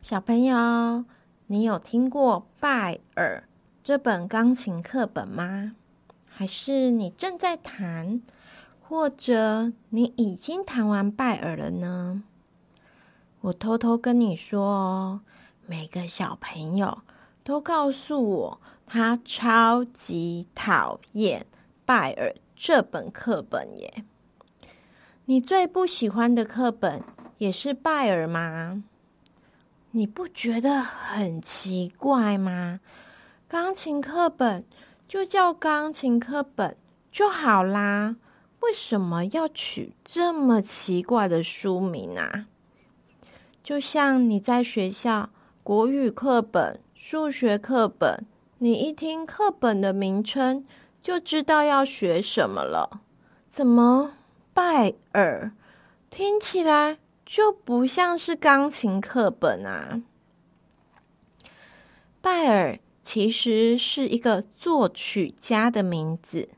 小朋友，你有聽過拜爾這本鋼琴課本嗎？還是你正在彈，或者你已經彈完拜爾了呢？我偷偷跟你說哦，每個小朋友都告訴我，他超級討厭拜爾這本課本耶。你最不喜歡的課本也是拜爾嗎？你不覺得很奇怪嗎？鋼琴課本就叫鋼琴課本就好啦，為什麼要取這麼奇怪的書名啊？就像你在學校，國語課本、數學課本，你一聽課本的名稱就知道要學什麼了。怎麼拜爾，聽起來就不像是鋼琴課本啊。拜爾其實是一個作曲家的名字，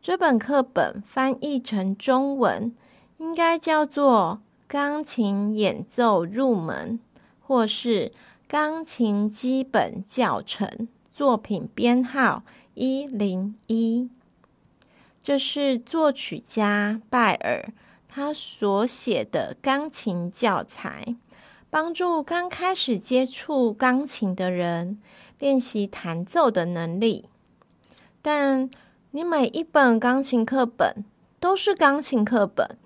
這本課本翻譯成中文應該叫做《鋼琴演奏入門》或是《鋼琴基本教程》，作品編號一零一，這是作曲家拜爾。他所寫的鋼琴教材，幫助剛開始接觸鋼琴的人練習彈奏的能力。但你每一本鋼琴課本都是鋼琴課本，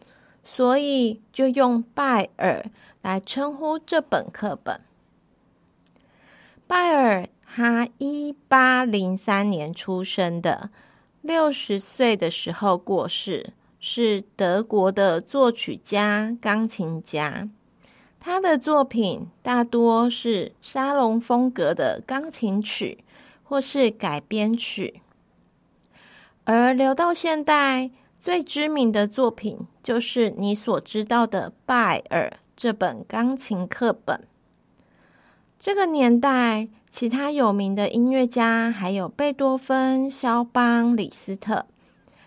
所以就用拜爾來稱呼這本課本。拜爾，他一八零三年出生的，六十歲的時候過世。是德國的作曲家、鋼琴家，他的作品大多是沙龍風格的鋼琴曲或是改編曲。而留到現代，最知名的作品就是你所知道的拜爾這本鋼琴課本。這個年代，其他有名的音樂家還有貝多芬、肖邦、李斯特。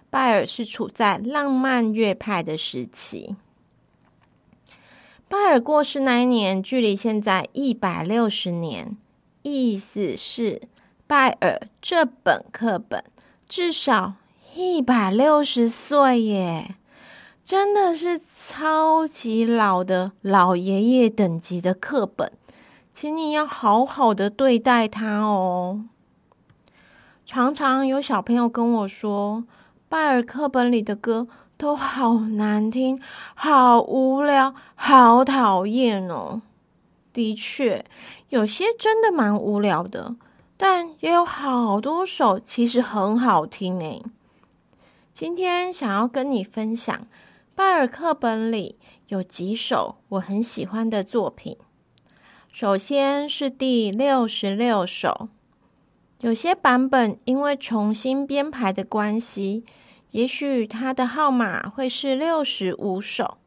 拜爾是處在浪漫樂派的時期，拜爾過世那一年，距離現在一百六十年，意思是拜爾這本課本至少一百六十歲耶！真的是超級老的老爺爺等級的課本，請你要好好的對待他哦。常常有小朋友跟我說。拜爾課本裡的歌都好難聽，好無聊，好討厭哦。的確，有些真的蠻無聊的，但也有好多首其實很好聽呢。今天想要跟你分享拜爾課本裡有幾首我很喜歡的作品。首先是第六十六首，有些版本因為重新編排的關係。也許他的號碼會是六十五首，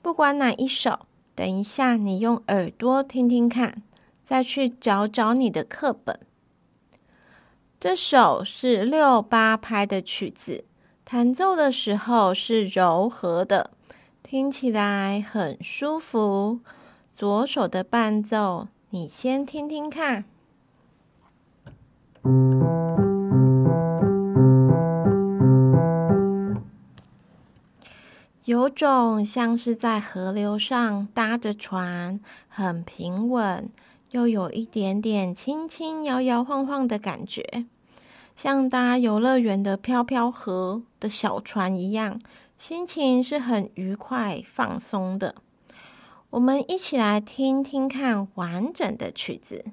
不管哪一首，等一下你用耳朵聽聽看，再去找找你的課本。這首是六八拍的曲子，彈奏的時候是柔和的，聽起來很舒服。左手的伴奏，你先聽聽看。有種像是在河流上搭着船，很平穩，又有一點點輕輕搖搖晃晃的感覺，像搭遊樂園的漂漂河的小船一樣，心情是很愉快、放鬆的。我們一起來聽聽看完整的曲子。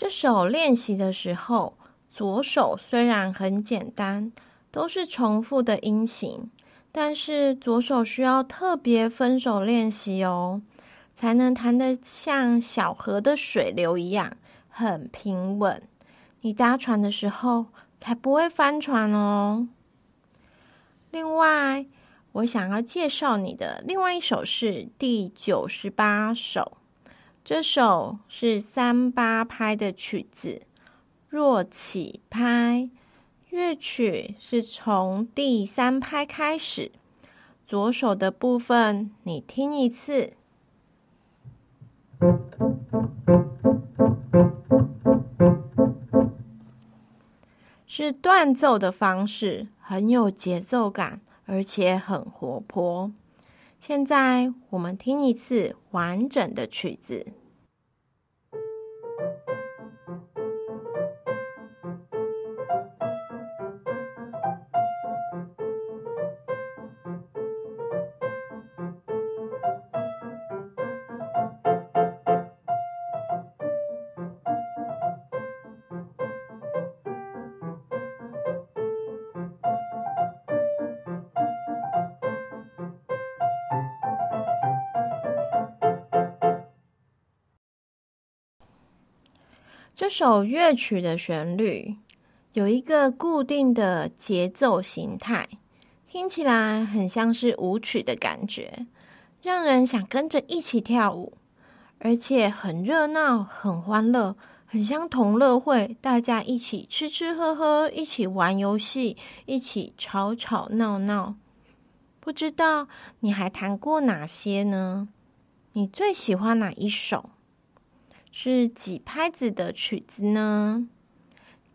這首練習的時候，左手雖然很簡單，都是重複的音型，但是左手需要特別分手練習哦，才能彈得像小河的水流一樣很平穩。你搭船的時候才不會翻船哦。另外，我想要介紹你的另外一首是第九十八首。這首是三八拍的曲子，弱起拍樂曲是從第三拍開始，左手的部分你聽一次，是斷奏的方式，很有節奏感，而且很活潑。現在我們聽一次完整的曲子。這首樂曲的旋律有一個固定的節奏形態，聽起來很像是舞曲的感覺，讓人想跟着一起跳舞，而且很熱鬧、很歡樂，很像同樂會，大家一起吃吃喝喝，一起玩遊戲，一起吵吵鬧鬧。不知道你還彈過哪些呢？你最喜歡哪一首？是幾拍子的曲子呢？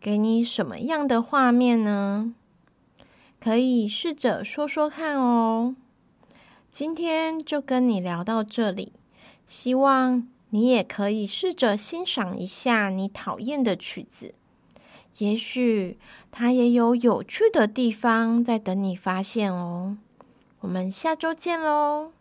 給你什麼樣的畫面呢？可以試着說說看哦。今天就跟你聊到這裡，希望你也可以試着欣賞一下你討厭的曲子，也許它也有有趣的地方在等你發現哦。我們下週見嘍！